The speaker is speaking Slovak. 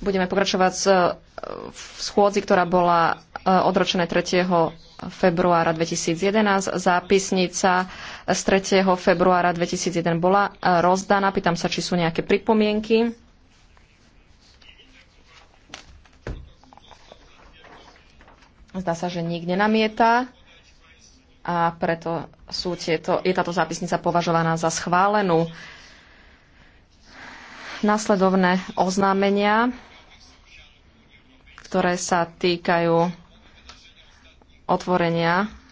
Budeme pokračovať v schôdzi, ktorá bola eh, odročená 3. februára 2011. Zápisnica z 3. februára 2001 bola eh, rozdaná. Pýtam sa, či sú nejaké pripomienky. Zdá sa, že nik nenamieta a preto sú tieto, je táto zápisnica považovaná za schválenú nasledovné oznámenia, ktoré sa týkajú otvorenia